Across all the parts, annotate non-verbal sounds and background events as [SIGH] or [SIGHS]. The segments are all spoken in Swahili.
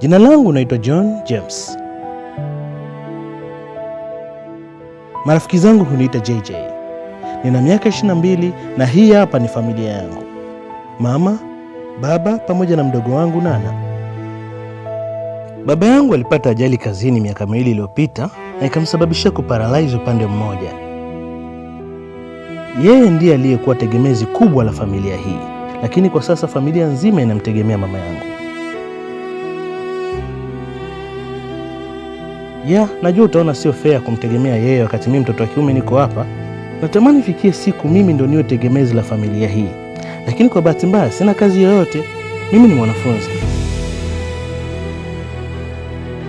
Jina langu naitwa John James. Marafiki zangu huniita JJ. Nina miaka 22 na hii hapa ni familia yangu. Mama, baba pamoja na mdogo wangu Nana. Baba yangu alipata ajali kazini miaka miwili iliyopita na ikamsababishia kuparalaizi upande mmoja. Yeye ndiye aliyekuwa tegemezi kubwa la familia hii, lakini kwa sasa familia nzima inamtegemea mama yangu. Ya, najua utaona sio fair kumtegemea yeye wakati mimi mtoto wa kiume niko hapa. Natamani ifikie siku mimi ndio niwe tegemezi la familia hii, lakini kwa bahati mbaya sina kazi yoyote. Mimi ni mwanafunzi.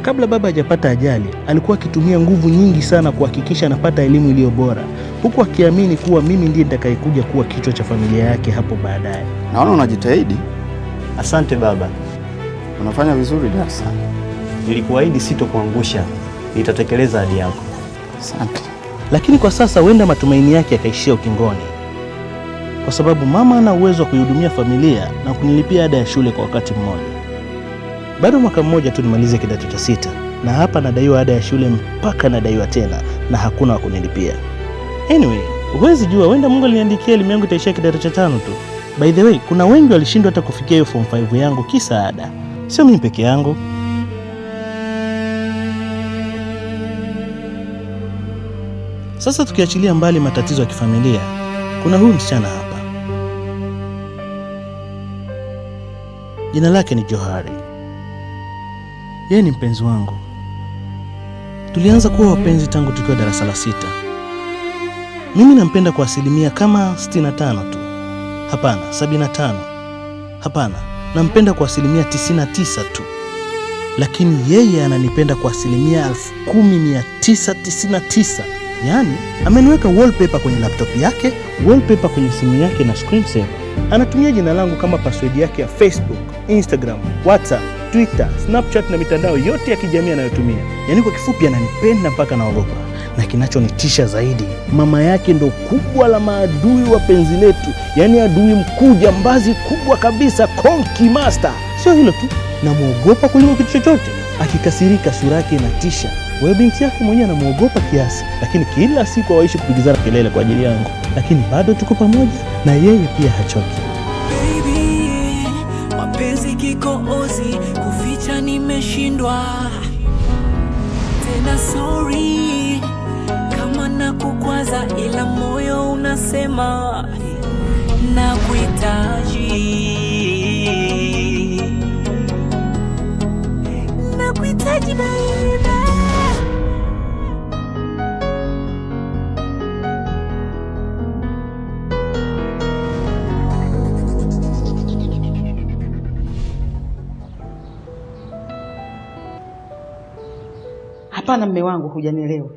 Kabla baba hajapata ajali, alikuwa akitumia nguvu nyingi sana kuhakikisha anapata elimu iliyo bora, huku akiamini kuwa mimi ndiye nitakayekuja kuwa kichwa cha familia yake hapo baadaye. Naona unajitahidi. Asante baba, unafanya vizuri darasani. Nilikuahidi sitokuangusha itatekeleza ahadi yako. Asante. Lakini kwa sasa huenda matumaini yake yakaishia ukingoni, kwa sababu mama ana uwezo wa kuihudumia familia na kunilipia ada ya shule kwa wakati mmoja. Bado mwaka mmoja tu nimalize kidato cha sita, na hapa nadaiwa ada ya shule mpaka nadaiwa tena, na hakuna wa kunilipia. Anyway, huwezi jua, huenda Mungu aliniandikia elimu yangu itaishia kidato cha tano tu. By the way, kuna wengi walishindwa hata kufikia hiyo form 5 yangu kisa ada. Sio mimi peke yangu. Sasa tukiachilia mbali matatizo ya kifamilia, kuna huyu msichana hapa, jina lake ni Johari. Yeye ni mpenzi wangu, tulianza kuwa wapenzi tangu tukiwa darasa la sita. Mimi nampenda kwa asilimia kama 65 tu, hapana 75, hapana, nampenda kwa asilimia 99 tu, lakini yeye ananipenda kwa asilimia 10999. Yaani ameniweka wallpaper kwenye laptop yake, wallpaper kwenye simu yake na saver. Anatumia jina langu kama password yake ya Facebook, Instagram, WhatsApp, Twitter, Snapchat na mitandao yote ya kijamii anayotumia. Yaani kwa kifupi ananipenda mpaka naogopa. Na kinachonitisha zaidi, mama yake ndo kubwa la maadui wa penzi letu, yaani adui mkuu, jambazi kubwa kabisa, konki master. Sio hilo tu, namwogopa kuliko kitu chochote. Akikasirika sura yake inatisha. Wewe binti yako mwenyewe anamuogopa kiasi, lakini kila siku hawaishi kupigizana kelele kwa ajili yangu, lakini bado tuko pamoja na yeye pia hachoki. Baby, mapenzi kikoozi kuficha nimeshindwa tena. Sorry kama nakukwaza, ila moyo unasema nakuhitaji. Hapana mme wangu, hujanielewa.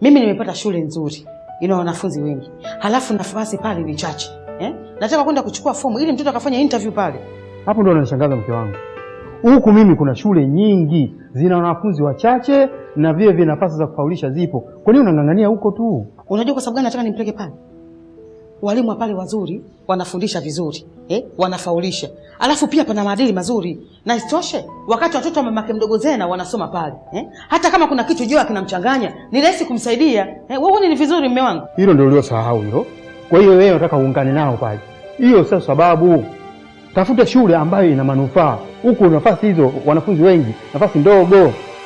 Mimi nimepata shule nzuri ina wanafunzi wengi, halafu nafasi pale ni chache eh? Nataka kwenda kuchukua fomu ili mtoto akafanya interview pale. Hapo ndo anashangaza mke wangu. Huku mimi kuna shule nyingi zina wanafunzi wachache na vile vile nafasi za kufaulisha zipo. Kwa nini unang'ang'ania huko tu? Unajua kwa sababu gani nataka nimpeleke pale? walimu pale wazuri, wanafundisha vizuri eh, wanafaulisha, alafu pia pana maadili mazuri, na isitoshe wakati watoto wa mamake mdogo Zena wanasoma pale eh, hata kama kuna kitu jua kinamchanganya ni rahisi kumsaidia eh, wewe ni vizuri mme wangu. Hilo ndio uliosahau hilo. Kwa hiyo wewe unataka uungane nao pale, hiyo sio sababu. Tafuta shule ambayo ina manufaa. Huko nafasi hizo wanafunzi wengi, nafasi ndogo.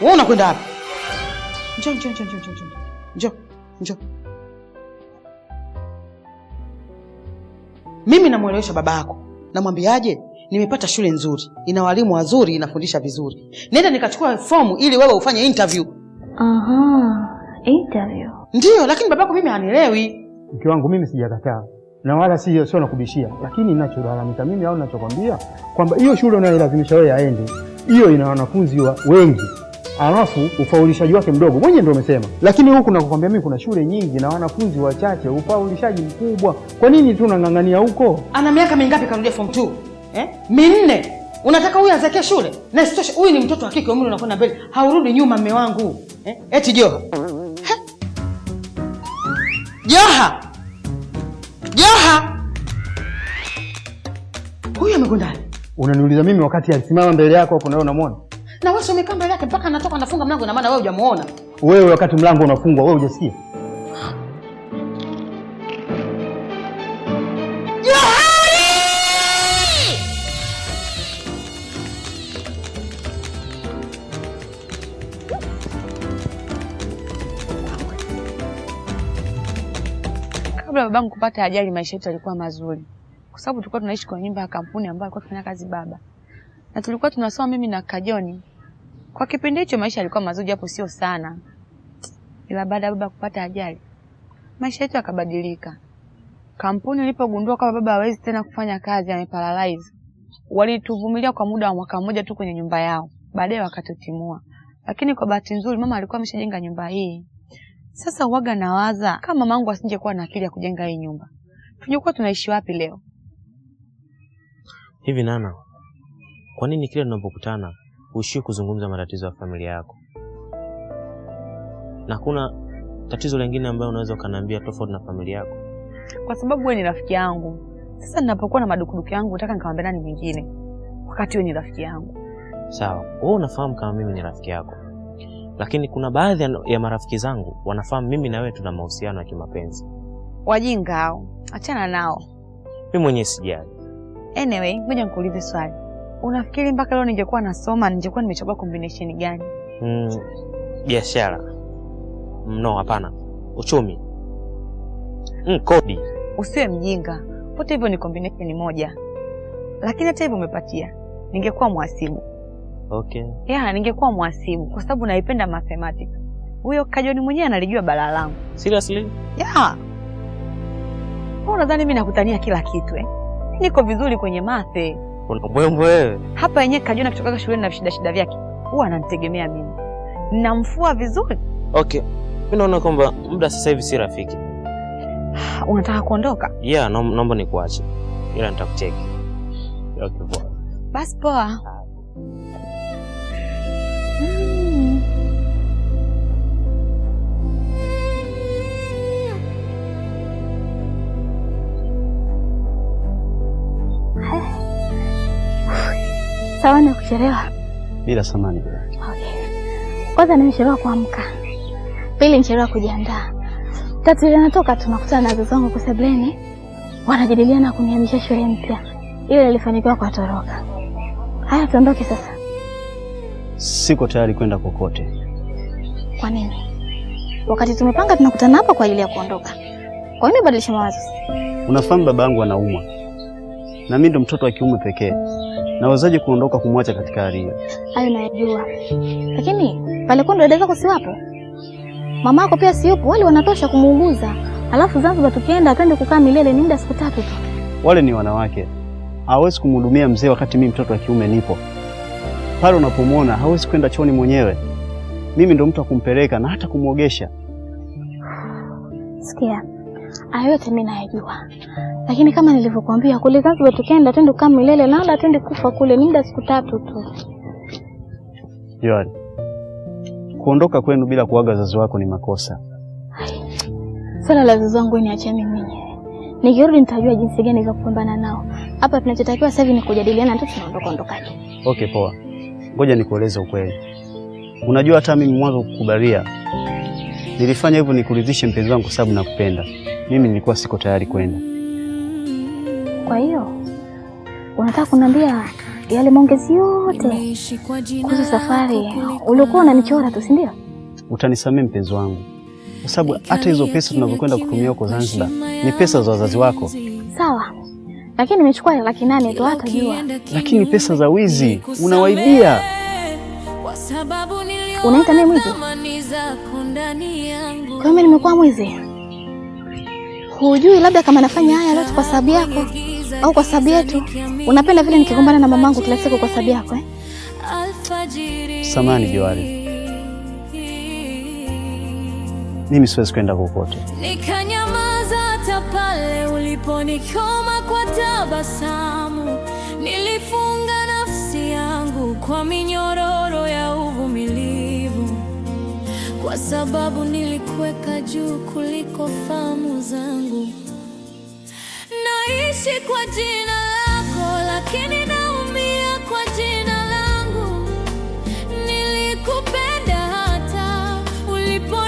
Wewe unakwenda wapi? Njoo, njoo, njoo, njoo, njoo, njoo, njoo. Mimi namwelewesha baba yako, namwambiaje? Nimepata shule nzuri, ina walimu wazuri, inafundisha vizuri. Nenda nikachukua fomu ili wewe ufanye interview. Aha, interview ndiyo. Lakini babako mimi hanielewi. Mke wangu, mimi sijakataa na wala sio si nakubishia, lakini ninacholalamika mimi au nachokwambia kwamba hiyo shule unayolazimisha wewe aende, hiyo ina wanafunzi wengi alafu ufaulishaji wake mdogo, mwenye ndio umesema. Lakini huku nakukwambia mimi, kuna shule nyingi na wanafunzi wachache, ufaulishaji mkubwa. Kwa nini tu unang'ang'ania huko? Ana miaka mingapi karudia form 2? Eh, minne. Unataka huyu azakie shule? Na isitoshe huyu ni mtoto wa kike, umri unakwenda mbele, haurudi nyuma. Mme wangu eh? Eti Joha Joha Joha, huyu amekwenda. Unaniuliza mimi wakati alisimama mbele yako hapo, wewe unamwona na wewe sio mbele yake mpaka anatoka anafunga mlango, na maana wewe hujamuona. Wewe wakati mlango unafungwa wewe hujasikia? Kabla babangu kupata ajali, maisha yetu yalikuwa mazuri, kwa sababu tulikuwa tunaishi kwa nyumba ya kampuni ambayo alikuwa akifanya kazi baba, na tulikuwa tunasoma mimi na Kajoni kwa kipindi hicho maisha yalikuwa mazuri, japo sio sana, ila baada ya baba kupata ajali maisha yetu yakabadilika. Kampuni ilipogundua kwamba baba hawezi tena kufanya kazi, ameparalyze, walituvumilia kwa muda wa mwaka mmoja tu kwenye nyumba yao, baadaye wakatutimua. Lakini kwa bahati nzuri mama alikuwa ameshajenga nyumba hii. Sasa uwaga nawaza kama mamangu asingekuwa na akili ya kujenga hii nyumba, tungekuwa tunaishi wapi leo hivi? Nana, kwa nini kila tunapokutana huishii kuzungumza matatizo ya familia yako, na kuna tatizo lingine ambayo unaweza ukaniambia tofauti na familia yako? Kwa sababu wewe ni rafiki yangu. Sasa ninapokuwa na madukuduku yangu nataka nikamwambia nani mwingine, wakati wewe ni rafiki yangu. Sawa, wewe unafahamu kama mimi ni rafiki yako, lakini kuna baadhi ya marafiki zangu wanafahamu mimi na wewe tuna mahusiano ya kimapenzi. Wajinga hao, achana nao. Mimi mwenyewe sijali. Anyway, ngoja nikuulize swali Unafikiri mpaka leo ningekuwa nasoma ningekuwa nimechagua combination gani? Mm, biashara. No, hapana. Uchumi. Mm, kodi. Usiwe mjinga. Pote hivyo ni combination moja, lakini hata hivyo umepatia. Ningekuwa mhasibu. Okay. Yeah, ningekuwa mhasibu kwa sababu naipenda mathematics. Huyo Kajoni mwenyewe analijua balaa langu. Seriously? Yeah. Unadhani mimi nakutania kila kitu eh? Niko vizuri kwenye mathe. Una mbwembwe wewe. Hapa yenyewe kajiona kutoka shuleni na shida shida vyake huwa ananitegemea mimi, namfua vizuri. Okay, mimi naona kwamba muda sasa hivi si rafiki. [SIGHS] Unataka kuondoka? Yeah, naomba nikuache, ila nitakucheki. Okay, basi poa. sawa na kuchelewa. Bila samani bila. Okay. Kwanza nimechelewa kuamka, pili nichelewa kujiandaa, tatu ile natoka tunakutana na wazazi wangu kwa kusebleni, wanajadiliana kunihamisha shule mpya, ile nilifanikiwa kuwatoroka. Haya, tuondoke sasa. Siko tayari kwenda kokote. Kwa nini? Wakati tumepanga tunakutana hapa kwa ajili ya kuondoka, kwa nini badilisha mawazo? Unafahamu baba yangu anaumwa na mimi ndo mtoto wa kiume pekee Nawezaje kuondoka kumwacha katika hali hiyo? Hayo najua, lakini pale ndo dada zako si wapo, mama yako pia si wale wanatosha kumuuguza. Alafu Zanzibar tukienda atende kukaa milele, ni muda siku tatu tu. Wale ni wanawake, hawezi kumhudumia mzee wakati mimi mtoto wa kiume nipo pale. Unapomwona hawezi kwenda chooni mwenyewe, mimi ndo mtu akumpeleka na hata kumwogesha. Sikia Hayo yote mimi nayajua, lakini kama nilivyokuambia kule Zanzibar tukaenda atende kama milele na wala atende kufa kule, ni muda siku tatu tu. Joan, kuondoka kwenu bila kuaga wazazi wako ni makosa. Swala la wazazi wangu niachie mimi mwenyewe. Nikirudi nitajua jinsi gani za kupambana nao. Hapa tunachotakiwa sasa hivi ni kujadiliana tu tunaondoka ondokaje. Okay, poa. Ngoja nikueleze ukweli. Unajua hata mimi mwanzo kukubalia nilifanya hivyo nikuridhishe mpenzi wangu, sababu nakupenda mimi nilikuwa siko tayari kwenda. Kwa hiyo unataka kuniambia yale maongezi yote kuhusu safari uliokuwa unanichora tu, si ndio? Utanisamee mpenzi wangu, kwa sababu hata hizo pesa tunazokwenda kutumia huko Zanzibar ni pesa za wazazi wako. Sawa, lakini nimechukua laki nane tu, hata jua. Lakini pesa za wizi, unawaibia. Unaita mimi mwizi? Kwa mimi nimekuwa mwizi? hujui labda kama nafanya haya yote kwa sababu yako au kwa sababu yetu. Unapenda vile nikigombana na mamangu kila siku kwa sababu yako eh? Samani Jawari, mimi siwezi kwenda kokote. Nikanyamaza hata pale uliponikoma kwa tabasamu, nilifunga nafsi yangu kwa minyoro kwa sababu nilikuweka juu kuliko fahamu zangu. Naishi kwa jina lako, lakini naumia kwa jina langu. Nilikupenda hata ulipo